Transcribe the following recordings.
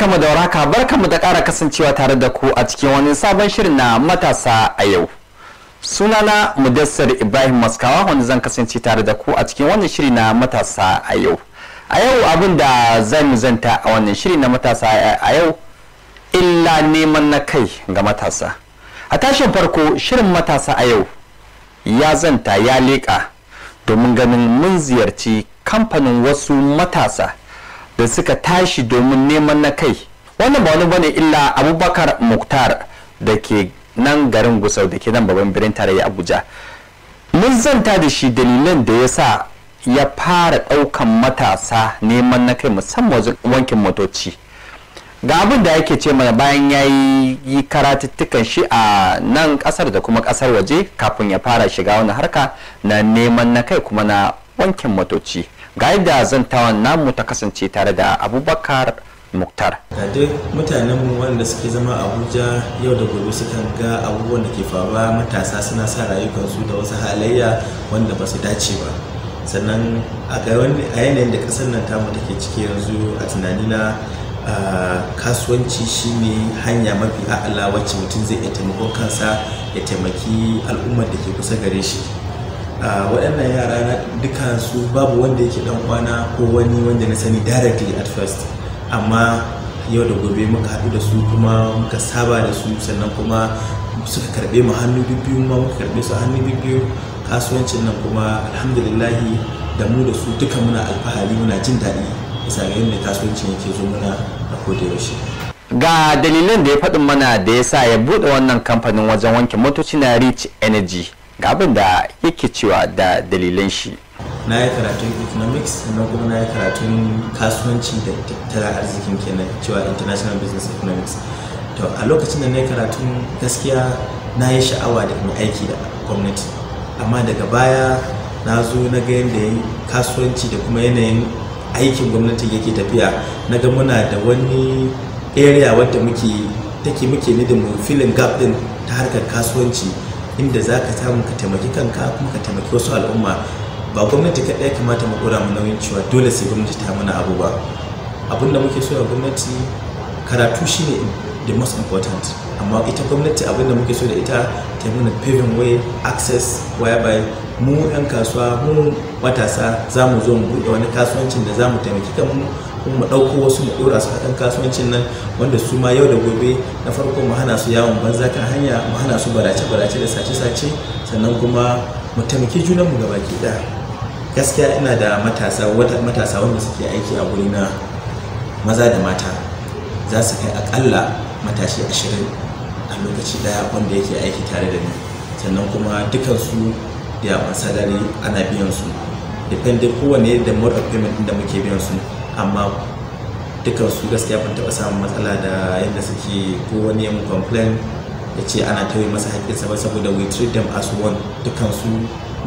barkamu da waraka barkamu da ƙara kasancewa tare da ku a cikin wani sabon shirin na matasa a yau sunana mudassar ibrahim maskawa wanda zan kasance tare da ku a cikin wannan shiri na matasa a yau a yau abin da zan zanta a wannan shiri na matasa a yau illa neman na kai ga matasa a tashin farko shirin matasa a yau ya zanta ya leƙa domin ganin mun ziyarci kamfanin wasu matasa da suka tashi domin neman na kai wannan ba wani bane illa abubakar muktar da ke nan garin gusau da ke nan babban birnin tarayya abuja mun zanta da shi dalilan da ya sa ya fara ɗaukan matasa neman na kai musamman wankin motoci ga abin da yake ce mana bayan ya yi karatuttukan shi a nan kasar da kuma kasar waje kafin ya fara shiga wani harka na neman na kai kuma na wankin motoci ga yadda zantawan namu ta kasance tare da abubakar muktar ga duk mutanenmu wanda suke zama abuja yau da gobe sukan ga abubuwan da ke faruwa matasa suna sa rayukansu da wasu halayya wanda ba su dace ba sannan a yanayin da kasar nan tamu take ciki yanzu a tunanina kasuwanci shine hanya mafi a'ala wacce mutum zai iya taimakon kansa ya taimaki al'ummar da ke kusa gare shi waɗannan yara na dukansu babu wanda yake dan kwana ko wani wanda na sani directly at first amma yau da gobe muka haɗu da su kuma muka saba da su sannan kuma suka karɓe mu hannu biyu ma muka karɓe su hannu biyu kasuwancin nan kuma alhamdulillahi da mu da su duka muna alfahari muna jin daɗi bisa ga yadda kasuwancin yake zo muna a koda yaushe ga dalilan da ya faɗin mana da ya sa ya buɗe wannan kamfanin wajen wanke motocin na rich energy ga abin da yake cewa da dalilan shi na yi karatun economics na kuma na yi karatun kasuwanci da tattalin arzikin kenan cewa international business economics to a lokacin da na yi karatun gaskiya na yi sha'awa da mai aiki da gwamnati amma daga baya na zo na ga yadda kasuwanci da kuma yanayin aikin gwamnati yake tafiya na ga muna da wani area wadda muke take muke ne da mu filin gap din ta harkar kasuwanci inda za ka samu ka taimaki kanka kuma ka taimaki wasu al'umma ba gwamnati kaɗai ya kamata mu ɗora mu nauyin cewa dole sai gwamnati ta mana abu ba abinda muke so a gwamnati karatu shine the most important amma ita gwamnati abinda muke so da ita ta mana paving way access whereby mu 'yan kasuwa mu matasa za mu zo mu buɗe wani kasuwancin da za mu taimaki kanmu kuma mu ɗauko wasu mu ɗora su a kasuwancin nan wanda su ma yau da gobe na farko mu hana su yawon banza kan hanya mu hana su barace-barace da sace-sace sannan kuma mu taimaki junanmu gaba ki ɗaya gaskiya ina da matasa matasa wanda suke aiki a guri na maza da mata za su kai akalla matashi ashirin a lokaci ɗaya wanda yake aiki tare da ni sannan kuma dukansu da yawan sadari ana biyan su depende kowane da mode of payment da muke biyan su amma dukkan su gaskiya ban taɓa samun matsala da yadda suke ko wani yamma complain ya ce ana tauye masa haƙƙinsa ba saboda we treat them as one dukkan su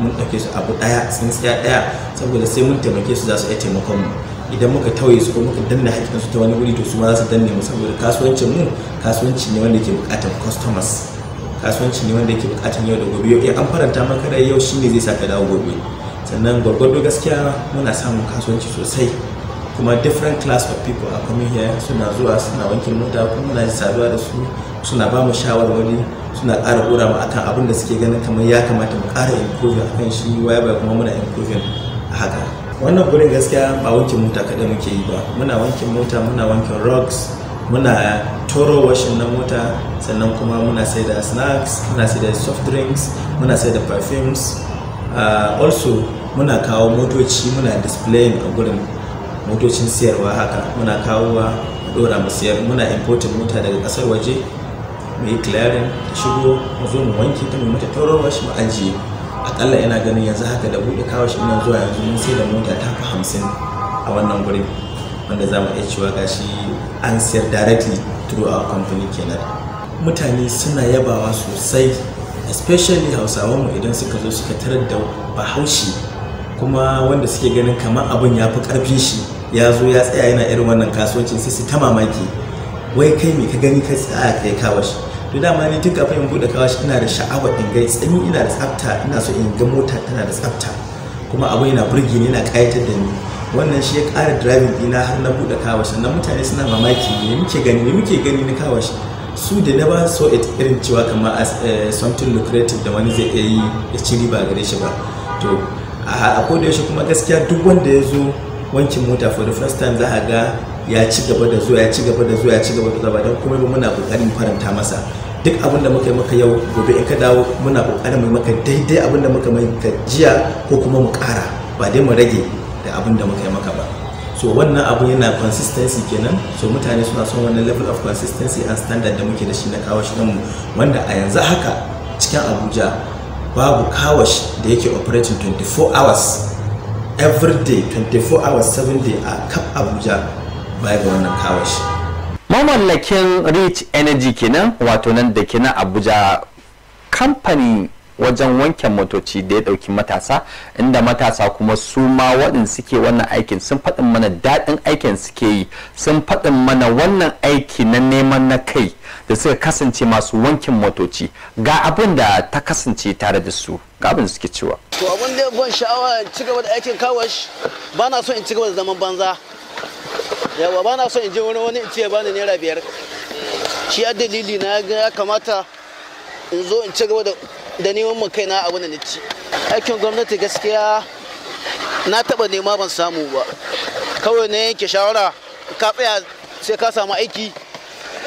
mun ɗauke su abu ɗaya sun tsaya ɗaya saboda sai mun taimake su za su iya taimakon mu idan muka tauye su ko muka danna haƙƙin su ta wani wuri to su ma za su danne mu saboda kasuwancin mu kasuwanci ne wanda ke buƙatar customers kasuwanci ne wanda yake buƙatar yau da gobe yau an faranta maka rai yau shine zai ka dawo gobe sannan gwargwado gaskiya muna samun kasuwanci sosai kuma different class of people a coming here suna zuwa suna wanke mota kuma muna saduwa da su suna ba mu shawarwari suna ƙara ƙura mu akan abin da suke ganin kamar ya kamata mu ƙara improve kan shi waya bai kuma muna improve a haka wannan gurin gaskiya ba wanke mota kaɗai muke yi ba muna wanke mota muna wankin rocks, muna toro washin na mota sannan kuma muna sai da snacks muna sai da soft drinks muna sai da perfumes ah, also muna kawo motoci muna displaying a gurin motocin siyarwa haka muna kawowa dora mu siyar muna importin mota daga ƙasar waje mu yi clearing ta shigo mu zo mu wanke ta mu mata taurarwa shi mu ajiye akalla ina ganin yanzu haka da buɗe kawo shi ina zuwa yanzu mun sai da mota ta fi hamsin a wannan gurin wanda za mu iya cewa shi an siyar directly through our company kenan mutane suna yabawa sosai especially hausawan mu idan suka zo suka tarar da bahaushe kuma wanda suke ganin kamar abin ya fi karfin shi ya zo ya tsaya yana irin wannan kasuwancin sai su ta mamaki wai kai me ka gani ka tsaya ka yi kawashi to dama ni tun kafin in bude shi ina da sha'awa in gai tsani ina da tsafta ina so in ga mota tana da tsafta kuma abin yana burge ni yana kayatar da ni wannan shi ya ƙara driving ɗina har na buɗe shi nan mutane suna mamaki ne muke gani ne muke gani na shi su da na ba so it irin cewa kamar eh, something lucrative da wani zai iya yi ya ci riba gare shi ba to a koda yaushe kuma gaskiya duk wanda ya zo wankin mota for the first time za a ga ya ci gaba da zuwa ya ci gaba da zuwa ya ci gaba da zuwa don kuma muna kokarin faranta masa duk abin da muka yi maka yau gobe in ka dawo muna kokarin mu maka daidai abin da muka mai ka jiya ko kuma mu kara ba dai mu rage da abin da muka yi maka ba so wannan abu yana consistency kenan so mutane suna son wannan level of consistency and standard da muke da shi na kawo shi mu wanda a yanzu haka cikin abuja babu kawashi da yake operating 24 hours every day 24 hours 7 day a kap abuja bai ga wannan kawashi mamallakin rich energy kenan wato nan da kenan abuja kamfani wajen wanke motoci da ya dauki matasa inda matasa kuma su ma waɗin suke wannan aikin sun faɗin mana daɗin aikin suke yi sun faɗin mana wannan aiki na neman na kai da suka kasance masu wankin motoci ga abin da ta kasance tare da su ga abin da suke cewa to abin da ban sha'awa in ci gaba da aikin kawash ba na so in ci gaba da zaman banza yawa ba na so in je wani wani in ce bani naira biyar shi a dalili na ga ya kamata in zo in ci gaba da neman mu kaina abin da na aikin gwamnati gaskiya na taba nema ban samu ba kawai na yanke shawara ka tsaya sai ka samu aiki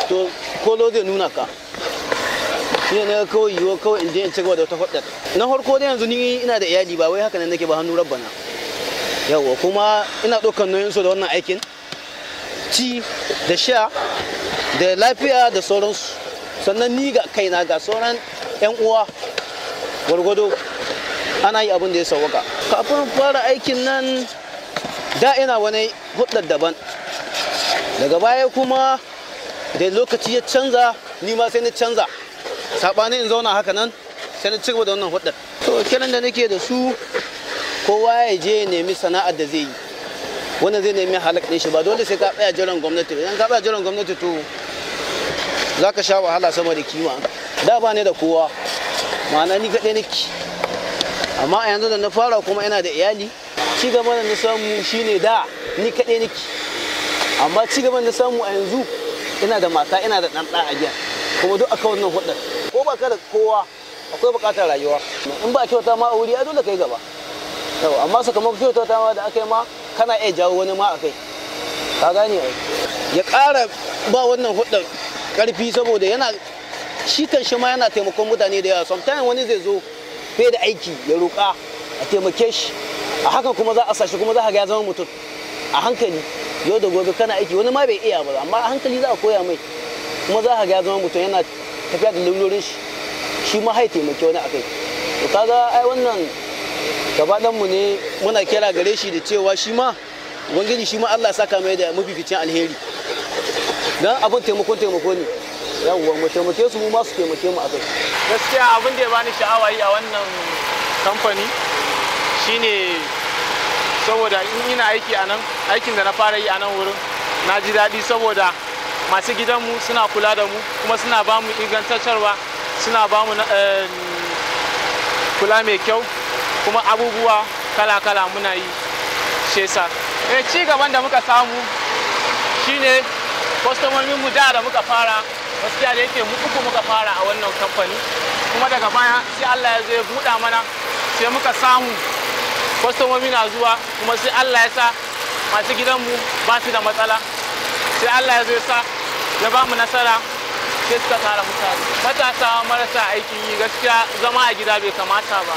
to kolo zai nuna ka shi ne kawai yiwo kawai in je in ci gaba da wata hudar na farko dai yanzu ni ina da iyali ba wai haka ne nake ba hannu rabbana yawa kuma ina ɗaukar nauyin su da wannan aikin ci da sha da lafiya da sauransu sannan ni ga kaina ga sauran 'yan uwa gwargwado ana yi abin da ya sauwaka kafin fara aikin nan da ina wani hudar daban daga baya kuma da lokaci ya canza ni ma sai na canza saɓanin in zauna haka nan sai na cigaba da wannan hudar to kiran da nake da su kowa ya je ya nemi sana'ar da zai yi wannan zai nemi halak ɗin shi ba dole sai ka tsaya jiran gwamnati idan ka tsaya jiran gwamnati to za ka sha wahala sama da kima da ba ne da kowa ma'ana ni kaɗai nake amma a yanzu da na fara kuma yana da iyali ci gaba da na samu shine da ni kaɗai nake amma ci gaban na samu a yanzu ina da mata ina da ɗan a giya kuma duk aka wannan hudar ko ba ka da kowa akwai buƙatar rayuwa in ba kyauta ma a wuri ya dole kai gaba yau amma su kamar kyauta ma da aka yi ma kana iya jawo wani ma a kai ka gane ai ya ƙara ba wannan hudar ƙarfi saboda yana shi kan shi ma yana taimakon mutane da yawa sometimes wani zai zo fiye da aiki ya roƙa a taimake shi a hakan kuma za a sashi kuma za a ga ya zama mutum a hankali yau da gobe kana aiki wani ma bai iya ba amma a hankali za a koya mai kuma za ka ga zama mutum yana tafiya da lalurorin shi shi ma hai taimake wani akai to kaga ai wannan gaba mu ne muna kira gare shi da cewa shi ma ubangiji shi ma Allah saka mai da mafificin alheri dan abin taimakon taimako ne yawwa mu taimake su mu ma su taimake mu akai gaskiya abin da ya bani sha'awa yi a wannan kamfani shine saboda in ina aiki a nan aikin da na fara yi a nan wurin na ji daɗi saboda masu gidanmu suna kula da mu kuma suna ba mu ingantacciyarwa suna ba mu eh, kula mai kyau kuma abubuwa kala-kala muna yi shesa e, eh, ci gaban da muka samu shine kwastomominmu da da muka fara gaskiya da yake uku muka fara a wannan kamfani kuma daga baya sai allah ya zo ya buɗa mana sai muka samu kwastomomi na zuwa kuma sai allah ya sa masu gidanmu ba su da matsala sai allah ya zo ya sa ya ba mu nasara sai suka tsara mutane matasa marasa aikin yi gaskiya zama a gida bai kamata ba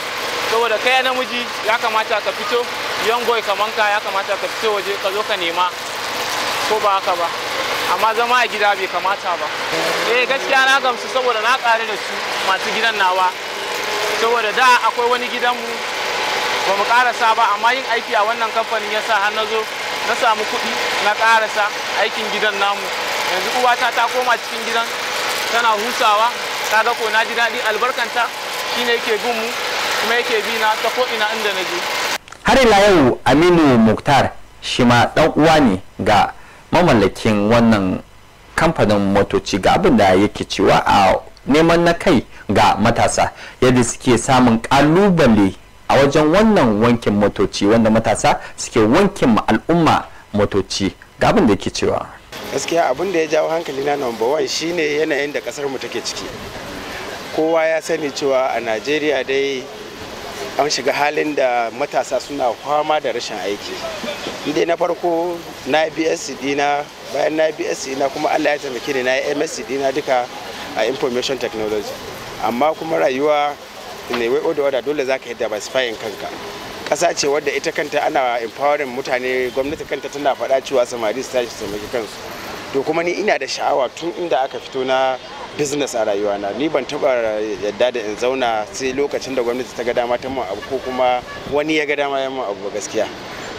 saboda kai ya namiji ya kamata ka fito yan boy kaman ka ya kamata ka fito waje ka zo ka nema ko ba haka ba amma zama a gida bai kamata ba eh gaskiya na gamsu saboda na ƙare da su masu gidan nawa saboda da akwai wani gidanmu ba mu karasa ba amma yin aiki a wannan kamfanin ya sa har na zo na samu kuɗi na karasa aikin gidan namu yanzu uwata ta koma cikin gidan tana husawa kaga ko na ji daɗi albarkanta shine yake bin mu kuma yake bi na ta ko ina inda na je har ila yau aminu muktar shi ma ɗan uwa ne ga mamallakin wannan kamfanin motoci ga abin da yake cewa a neman na kai ga matasa yadda suke samun ƙalubale a wajen wannan wankin motoci wanda matasa suke wankin al'umma motoci gabin da ke cewa gaskiya abin da ya jawo hankali na number one shine yanayin da kasar mu take ciki kowa ya sani cewa a najeriya dai an shiga halin da matasa suna fama da rashin aiki inda na farko na bsc dina bayan na bsc dina kuma allah ya taimake ni na msc dina duka a information technology amma kuma rayuwa ne wai dole zaka yi diversifying kanka ƙasa ce wadda ita kanta ana empowering mutane gwamnati kanta tana faɗa cewa samari su tashi maki kansu to kuma ni ina da sha'awa tun inda aka fito na business a rayuwana ni ban taba yadda da in zauna sai lokacin da gwamnati ta ga dama ta mun abu ko kuma wani ya ga dama ya mun abu gaskiya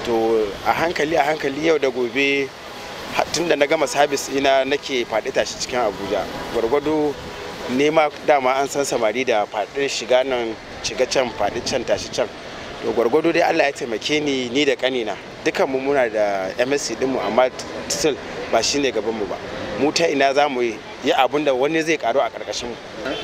to a hankali a hankali yau da gobe tun da na gama sabis ina nake faɗi tashi cikin abuja gwargwado nema dama an san samari da faɗin shiga nan shiga can faɗin can tashi can to gwargwado dai Allah ya taimake ni ni da kanina dukan mu muna da MSc mu amma still ba shine gaban mu ba mu ta ina za mu yi abun da wani zai karu a karkashin mu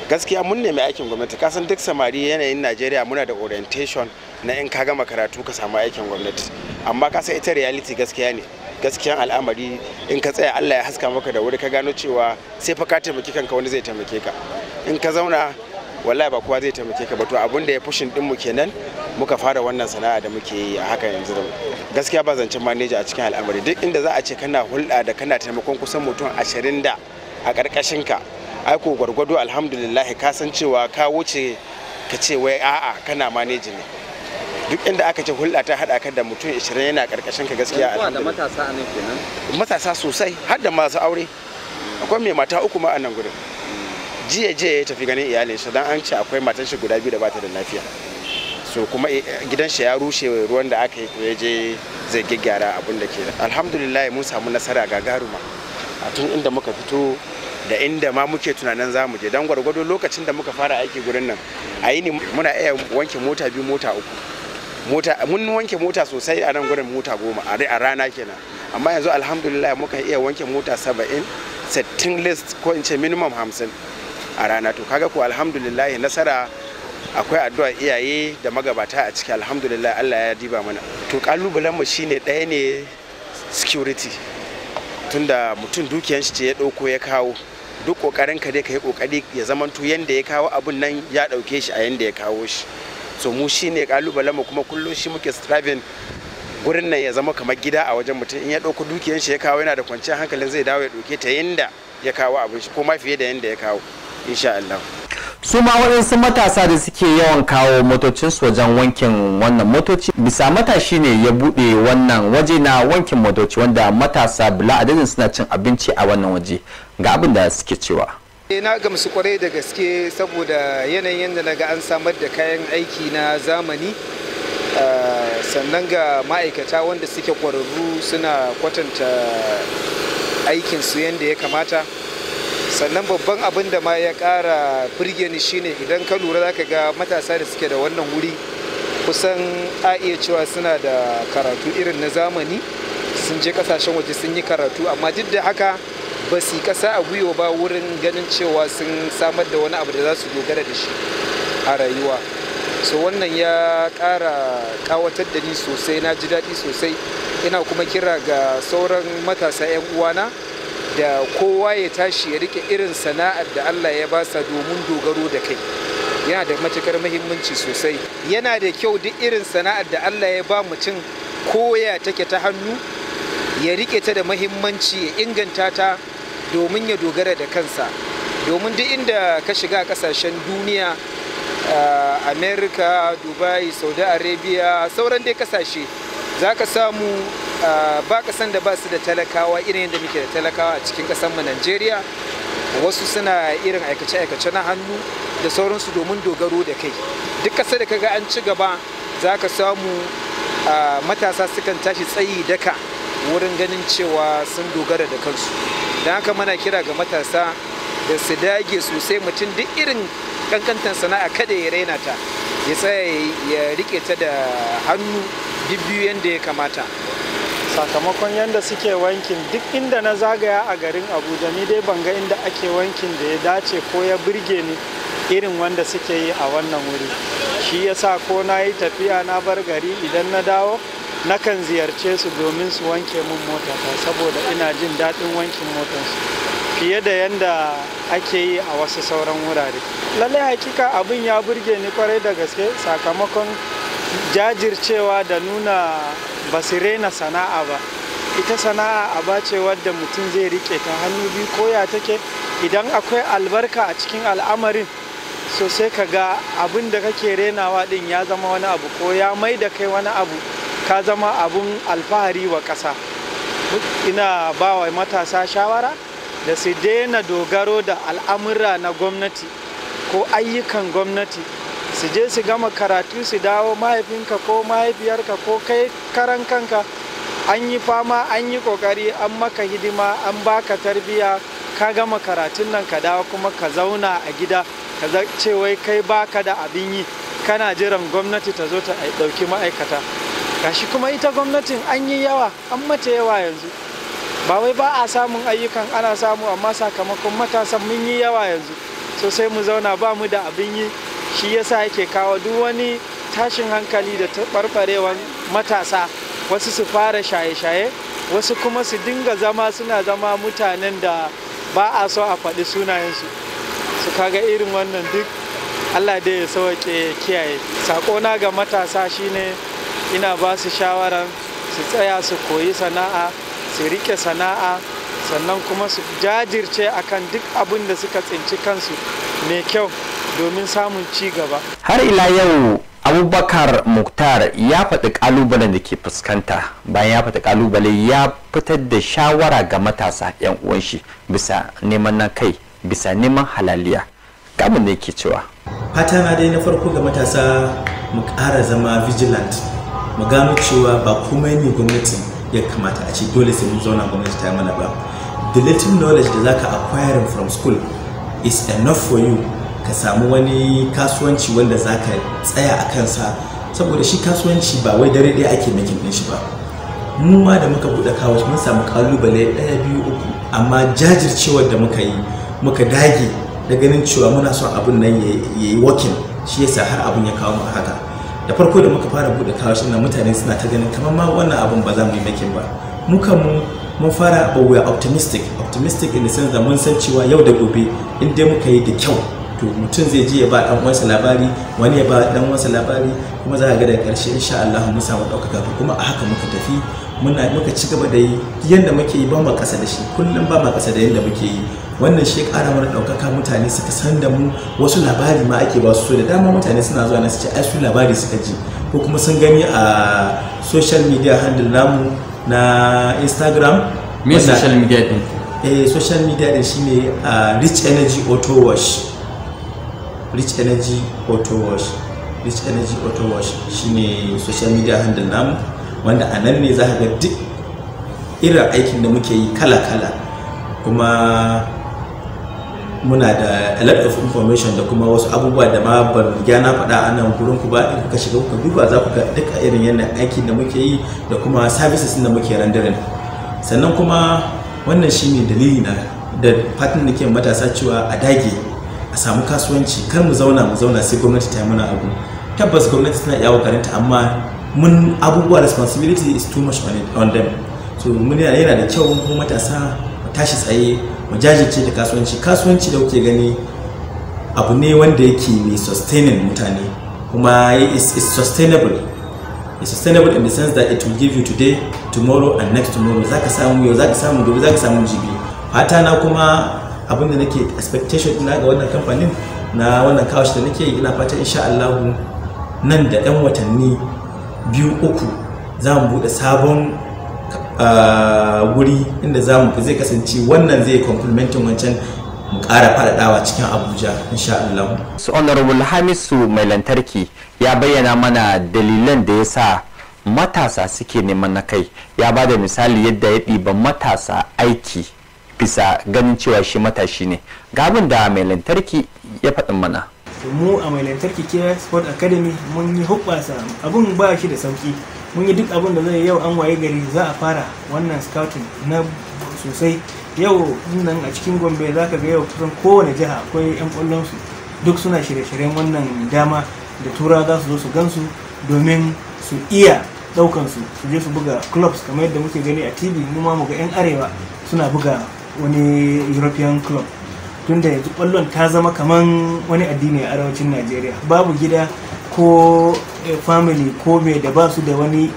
gaskiya mun nemi aikin gwamnati kasan duk samari yanayin Najeriya muna da orientation na in ka gama karatu ka samu aikin gwamnati amma kasan ita reality gaskiya ne gaskiyan al'amari in ka tsaya Allah ya haska maka da wuri ka gano cewa sai fa ka taimaki kanka wani zai taimake ka in ka zauna wallahi ba kowa zai taimake ka ba to abin da ya fushin din mu kenan muka fara wannan sana'a da muke yi a haka yanzu da gaskiya ba zancen maneja a cikin al'amari duk inda za a ce kana hulɗa da kana taimakon kusan mutum ashirin da a ƙarƙashin ka aiko gwargwado alhamdulillah ka san cewa ka wuce ka ce wai a'a kana maneji ne duk inda aka ce hulɗa ta haɗa kan da mutum 20 yana karkashin ka gaskiya a da matasa a nan kenan matasa sosai har da masu aure akwai mai mata uku ma a nan gurin jiya jiya ya tafi ganin iyalin shi dan an ce akwai matan shi guda biyu da bata da lafiya so kuma eh, gidan shi ya rushe ruwan da aka yi ya je zai gyaggyara abin da ke alhamdulillah mun samu nasara gagaruma a tun inda muka fito da inda ma muke tunanin za mu je don gwargwado lokacin da muka fara aiki gurin nan a yi ne muna iya wanke mota biyu mota uku mota mun wanke mota sosai a nan gudun mota goma a rana kenan amma yanzu alhamdulillah muka iya wanke mota saba'in sittin list ko in ce minimum hamsin a rana to kaga ko alhamdulillah nasara akwai addu'a iyaye da magabata a ciki alhamdulillah Allah ya diba mana to kalubalen mu shine ɗaya ne security tunda mutum dukiyan shi ce ya ɗauko ya kawo duk ƙoƙarin ka dai ka yi ƙoƙari ya zamanto yanda ya kawo abun nan ya ɗauke shi a yanda ya kawo shi so mu shi ne mu kuma kullum shi muke striving gurin nan ya zama kamar gida a wajen mutum in ya dauko dukiyar shi ya kawo yana da kwanciyar hankalin zai dawo ya ɗauke ta yanda ya kawo abin shi ko ma fiye da yanda ya kawo insha Allah su ma waɗansu matasa da suke yawan kawo motocinsu wajen wankin wannan motoci bisa matashi ne ya buɗe wannan waje na wankin motoci wanda matasa bila adadin suna cin abinci a wannan waje ga abin da suke cewa Eh, na gamsu kwarai da gaske saboda yanayin da ga an samar da kayan aiki na zamani ah, sannan ga ma'aikata wanda suke kwararru suna kwatanta aikinsu yadda ya kamata sannan babban abin da ma ya kara birge ni shine idan ka lura za ka ga matasa da suke da wannan wuri kusan a iya cewa suna da karatu irin na zamani sun je kasashen waje sun yi karatu amma duk da haka ba su yi ƙasa a gwiwa ba wurin ganin cewa sun samar da wani abu da za su dogara da shi a rayuwa so wannan ya ƙara ƙawatar da ni sosai na ji daɗi sosai ina kuma kira ga sauran matasa 'yan uwana da kowa ya tashi ya rike irin sana'ar da Allah ya basa domin dogaro da kai yana da matukar muhimmanci sosai yana da kyau duk irin sana'ar da Allah ya ba mutum koya take ta hannu ya rike ta da muhimmanci ya inganta ta domin ya dogara da kansa domin duk inda ka shiga kasashen duniya eh, america dubai saudi arabia sauran dai kasashe za ka samu eh, ba kasan da ba su da talakawa irin yadda muke da talakawa a cikin mu najeriya wasu suna irin aikace-aikace na hannu da sauransu domin dogaro da kai duk kasa da kaga an ci gaba za ka samu eh, matasa sukan tashi tsayi daka wurin ganin cewa sun dogara da kansu da haka mana kira ga matasa da su dage sosai mutum duk irin kankantar sana'a kada ya raina ta ya tsaya ya rike ta da hannu biyu yadda ya kamata sakamakon yadda suke wankin duk inda na zagaya a garin abuja ni dai ban ga inda ake wankin da ya dace ko ya birge ni irin wanda suke yi a wannan wuri shi yasa ko na yi tafiya na bar gari idan na dawo nakan ziyarce su domin su wanke mun mota ta saboda ina jin daɗin wankin motarsu fiye da yadda ake yi a wasu sauran wurare lallai hakika abin ya burge ni kwarai da gaske sakamakon jajircewa da nuna basire na sana'a ba ita sana'a aba ce wadda mutum zai rike ta hannu biyu ko ya take idan akwai albarka a cikin al'amarin sosai sai ka ga abin da kake renawa din ya zama wani abu ko ya mai da kai wani abu ka zama abun alfahari wa ƙasa ina ba wa matasa shawara da su daina dogaro da al'amura na gwamnati ko ayyukan gwamnati su je su gama karatu su dawo mahaifinka ko mahaifiyarka ko kai karan kanka an yi fama an yi kokari an maka hidima an baka tarbiya ka gama karatun nan ka dawo kuma ka zauna a gida ka ce wai kai baka da abin yi kana jiran gwamnati ta zo ta ɗauki ma'aikata gashi kuma ita gwamnatin an yi yawa an mata yawa yanzu ba wai ba a samun ayyukan ana samu amma sakamakon matasan mun yi yawa yanzu so sai mu zauna ba mu da abin yi shi yasa yake kawo duk wani tashin hankali da taɓarɓarewar matasa wasu su fara shaye-shaye wasu kuma su dinga zama suna zama mutanen da ba a so a faɗi sunayensu su kaga irin wannan duk allah da ya sauke kiyaye sakona ga matasa shine ina ba su shawarar su tsaya su koyi sana'a su rike sana'a sannan kuma su jajirce akan duk abin da suka tsinci kansu mai kyau domin samun ci gaba har ila yau abubakar muktar ya faɗi ƙalubalen da ke fuskanta bayan ya faɗi ƙalubale ya fitar da shawara ga matasa 'yan uwan shi bisa neman na kai bisa neman halaliya kamun da yake cewa fata na dai na farko ga matasa mu ƙara zama vigilant mu gano cewa ba komai ne gwamnati ya kamata a ce dole sai mun zauna gwamnati ta yi mana ba the little knowledge da zaka acquire from school is enough for you ka samu wani kasuwanci wanda zaka tsaya a kansa saboda shi kasuwanci ba wai dare ɗaya ake makin ɗin shi ba mu ma da muka buɗe kawo mun samu kalubale ɗaya biyu uku amma jajircewar da muka yi muka dage da ganin cewa muna son abun nan yayi yi shi yasa har abun ya kawo mu haka da farko da muka fara buɗe kawashin na mutane suna ta ganin kamar ma wannan abin ba za mu yi makin ba mu mu mun fara but we optimistic optimistic in the sense da mun san cewa yau da gobe in dai muka yi da kyau to mutum zai je ya ba dan uwansa labari wani ya ba dan uwansa labari kuma za a ga daga karshe insha Allah mu samu ɗaukaka kuma a haka muka tafi muna muka ci gaba da yi yanda muke yi ba mu ƙasa da shi kullum ba ma ƙasa da yanda muke yi wannan shi ƙara mana ɗaukaka mutane suka san da mu wasu labari ma ake ba su so da dama mutane suna zuwa na su ce ai su labari suka ji ko kuma sun gani a social media handle namu na instagram me social media din eh social media din shine ah, rich energy auto wash rich energy auto wash rich energy auto wash shine social media handle namu wanda a nan ne za ka ga duk irin aikin da muke yi kala-kala kuma muna da a lot of information da kuma wasu abubuwa da ma ban riga na faɗa a nan gurin ku ba in kuka shiga kuka duba za ku ga duka irin yanayin aikin da muke yi da kuma services da muke rendering sannan kuma wannan shine dalili na da fatan da ke matasa cewa a dage a samu kasuwanci kar mu zauna mu zauna sai gwamnati ta yi mana abu tabbas gwamnati tana iya kokarinta amma mun abubuwa responsibility is too much on them so mun yana da kyau mu matasa mu tashi tsaye mu jajirce da kasuwanci kasuwanci da kuke gani abu ne wanda yake mai sustaining mutane kuma is sustainable is sustainable in the sense that it will give you today tomorrow and next tomorrow zaka samu yau zaka samu gobe zaka samu jibi fata na kuma abinda nake expectation ina ga wannan kamfanin na wannan kawashi da nake ina fata insha Allah nan da 'yan watanni biyu uku za mu buɗe sabon ah, wuri inda za mu zai kasance wannan zai complementin wancan mu ƙara faɗaɗawa cikin abuja insha Allah. su honorable hamisu mai lantarki ya bayyana mana dalilan da ya sa matasa suke neman na kai ya ba da misali yadda ya ɗiba matasa aiki bisa ganin cewa shi matashi ne gabin da mai lantarki ya faɗin mana mu a mai lantarki ke sport academy mun yi hubbasa abun ba shi da sauki mun yi duk abun da zai yau an waye gari za a fara wannan scouting na sosai yau nan a cikin gombe za ka ga yau kusan kowane jiha akwai 'yan kwallon su duk suna shirye-shiryen wannan dama da tura za su zo su gansu domin su iya daukan su su je su buga clubs kamar yadda muke gani a tv mu ma mu ga 'yan arewa suna buga wani european club tunda yanzu kwallon ta zama kaman wani addini a arewacin najeriya babu gida ko eh, family ko mai da ba su da wani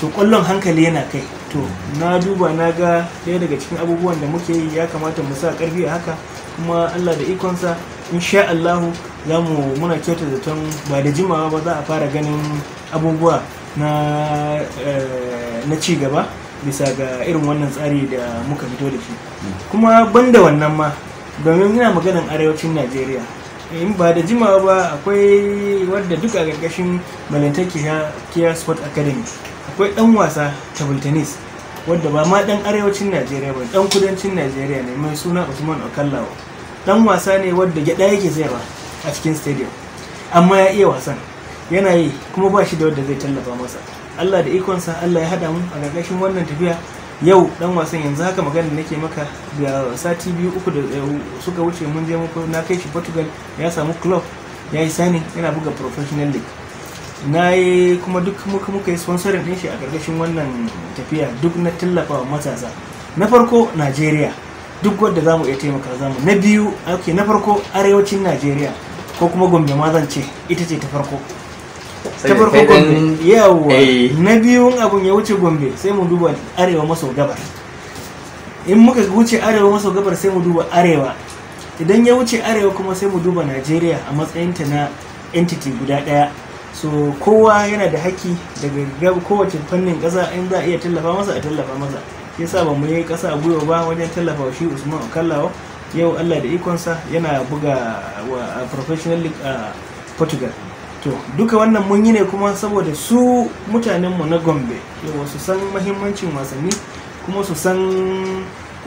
su kwallon hankali yana kai to na duba na ga ɗaya daga cikin abubuwan da muke yi ya kamata mu sa karfi a haka kuma allah da ikonsa insha allahu za mu muna kyauta zaton ba da jimawa ba za a fara ganin abubuwa na eh, ci gaba bisa ga irin wannan tsari da muka fito da shi kuma banda wannan ma domin yana maganin arewacin najeriya in ba da jimawa ba akwai wadda duk a ƙarƙashin malinta kiya sport academy akwai ɗan wasa table tennis wadda ba ma ɗan arewacin najeriya ba dan kudancin najeriya ne mai suna usman okallawa dan wasa ne wadda gyaɗa yake zai ba a cikin stadium amma ya iya wasan yana yi kuma ba shi da wadda zai tallafa masa Allah da ikonsa Allah ya hada mu a gargashin wannan tafiya yau dan wasan yanzu haka magana da nake maka da sati biyu uku da eh, suka wuce mun je muku na kai shi Portugal ya samu club ya yi sani yana buga professional league na yi kuma duk muka muka yi sponsorin din shi a gargashin wannan tafiya duk na tallafawa matasa na farko Najeriya duk wadda zamu iya taimaka zamu na biyu okay na farko arewacin Najeriya ko kuma Gombe ma zan ce ita ce ta farko ta farko gombe eh. na biyun abun ya wuce gombe sai mu duba arewa maso gabar in muka wuce arewa maso gabar sai mu duba arewa idan ya wuce arewa kuma sai mu duba najeriya a matsayinta na entity guda daya so kowa yana da haki daga kowace fannin ƙasa in za a iya tallafa masa a tallafa masa ya sa mu yi ƙasa gwiwa ba wajen tallafa shi usman kallawa yau allah da ikonsa yana buga a professional league a portugal to duka wannan mun yi ne kuma saboda su mutanenmu na gombe yawa su san mahimmancin wasanni kuma su san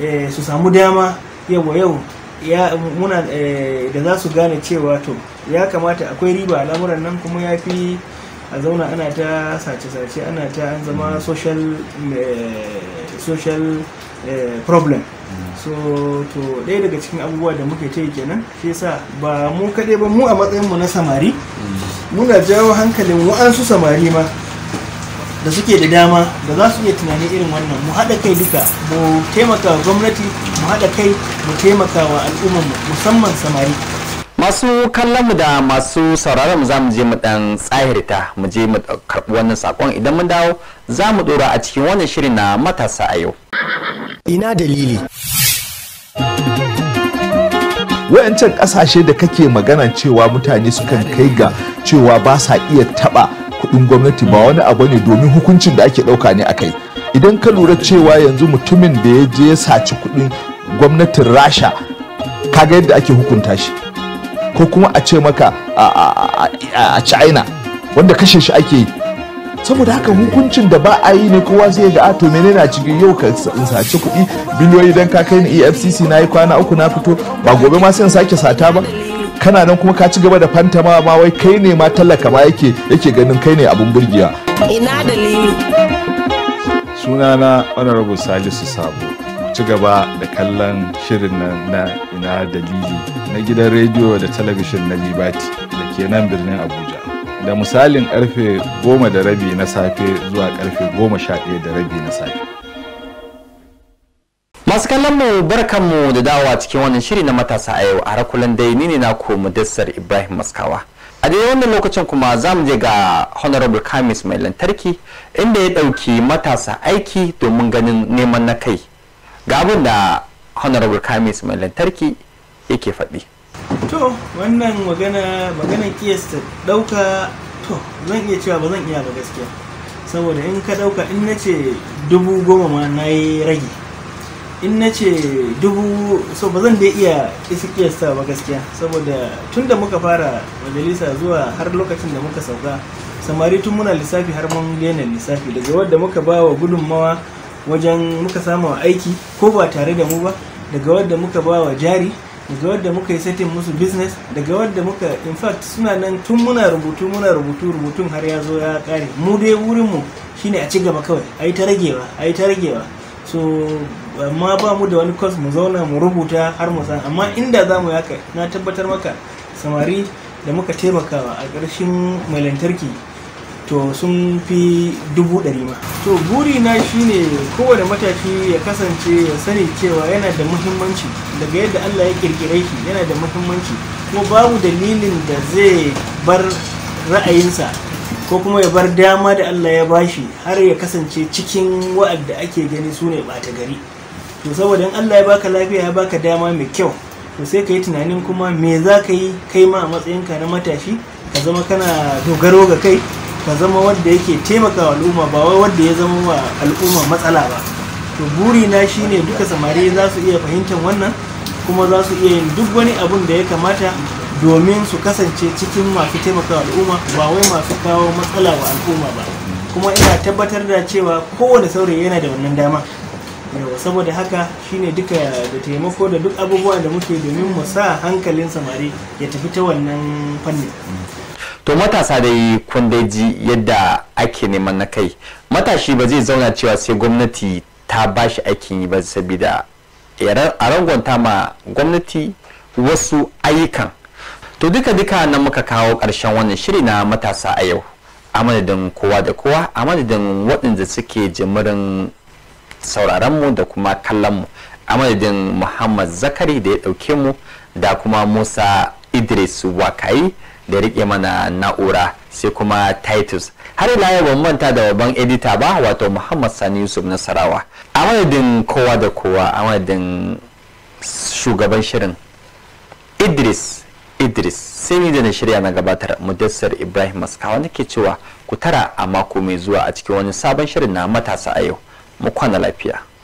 eh, su samu dama yawa yau ya muna eh, da za su gane cewa to ya kamata akwai riba lamuran nan kuma ya fi a zauna ana ta sace-sace ana ta an zama mm. social eh, social problem mm. so to ɗaya daga cikin abubuwa da muke ta yi kenan shi sa ba mu kaɗai ba mu a matsayinmu na samari mm. muna jawo hankalin wa'ansu samari ma da suke da dama da za su iya tunani irin wannan mu haɗa kai duka mu taimaka wa gwamnati mu haɗa kai mu taimaka wa al'ummarmu musamman samari masu kallon mu da masu sauraron mu za mu je mu dan tsahirta mu je mu karɓi wannan sakon idan mun dawo za mu dora a cikin wannan shirin na matasa a yau ina dalili wayancan kasashe da kake magana cewa mutane sukan kai ga cewa ba sa iya taba kudin gwamnati ba wani abu ne domin hukuncin da ake dauka ne akai idan ka lura cewa yanzu mutumin da ya je ya saci kudin gwamnatin rasha ka ga yadda ake hukunta shi ko kuma a ce maka a china wanda kashe shi ake yi saboda haka hukuncin da ba a yi ne kowa zai ga ah, to mene na ciki yau ka sace kuɗi biliyoyi don ka kai ni EFCC na yi kwana uku na fito ba gobe ma sai sake sata ba kana nan kuma ka ci gaba da fantama ma wai kai ne ma tallaka ma yake yake ganin kai ne abun burgiya ina dalili sunana honorable salisu sabo ci gaba da kallon shirin nan na ina dalili na gidan rediyo da talabishin na libati da ke nan birnin abuja da misalin karfe goma da rabi na safe zuwa karfe goma sha ɗaya da rabi na safe masu kallon mu barkanmu da dawowa cikin wannan shiri na matasa a yau a rakulan dai ni ne na koma mudassar ibrahim maskawa a daidai wannan lokacin kuma za mu je ga honorable kamis mai lantarki inda ya ɗauki matasa aiki domin ganin neman na kai ga abin da honorable kamis mai lantarki yake faɗi to wannan magana maganan kiyasta dauka to zan iya cewa ba zan iya ba gaskiya saboda in ka dauka in na ce dubu goma ma na yi rage in na ce dubu so ba zan dai iya isi kiyasta ba gaskiya saboda tun da muka fara majalisa zuwa har lokacin da muka sauka samari tun muna lissafi har mun daina lissafi daga wadda muka ba wa gudunmawa wajen muka samu aiki ko ba tare da mu ba daga wadda muka ba wa jari daga wadda muka yi setting musu business daga wadda muka in fact suna nan tun muna rubutu muna rubutu rubutun har ya zo ya kare mu dai wurin mu shine a ci gaba kawai a ta ragewa a ta ragewa so amma ba mu da wani course mu zauna mu rubuta har mu san amma inda za mu yaka na tabbatar maka samari da muka taimakawa a ƙarshen mai lantarki to sun fi dubu ɗari ma to burina ne kowane matashi ya kasance ya sani cewa yana da muhimmanci daga yadda allah ya kirkire shi yana da muhimmanci ko babu dalilin da zai bar ra'ayinsa ko kuma ya bar dama da allah ya bashi har ya kasance cikin wa'adda ake gani su ne ɓata gari to saboda in allah ya baka lafiya ya baka dama mai kyau to sai ka yi tunanin kuma me za ka yi kai ma a matsayinka na matashi ka zama kana dogaro ga kai ka zama wanda yake taimaka wa al'umma ba wai wanda ya zama wa al'umma matsala ba to buri na shine duka samari za su iya fahimtar wannan kuma za su iya yin duk wani abun da ya kamata domin su kasance cikin masu taimakawa al'umma ba wai masu kawo matsala wa al'umma ba kuma ina tabbatar da cewa kowane saurayi yana da wannan dama saboda haka shine duka da taimako da duk abubuwa da muke domin mu sa hankalin samari ya tafi ta wannan fannin to matasa da yi dai yadda ake neman na kai matashi ba zai zauna cewa sai gwamnati ta ba shi aikin yi ba saboda a rangonta ma gwamnati wasu ayyukan to duka duka nan muka kawo ƙarshen wannan shiri na matasa a yau a madadin kowa da kowa a madadin waɗanda suke jimirin sauraronmu da kuma kallonmu a madadin muhammad zakari da ya ɗauke mu da kuma musa idris wakai da rike mana na'ura sai kuma titus har ila yau ban manta da babban edita ba wato muhammad sani yusuf nasarawa a madadin kowa da kowa a madadin shugaban shirin idris idris sai ni da na shirya na gabatar mudassar ibrahim maskawa nake cewa ku tara a mako mai zuwa a cikin wani sabon shirin na matasa a yau mu kwana lafiya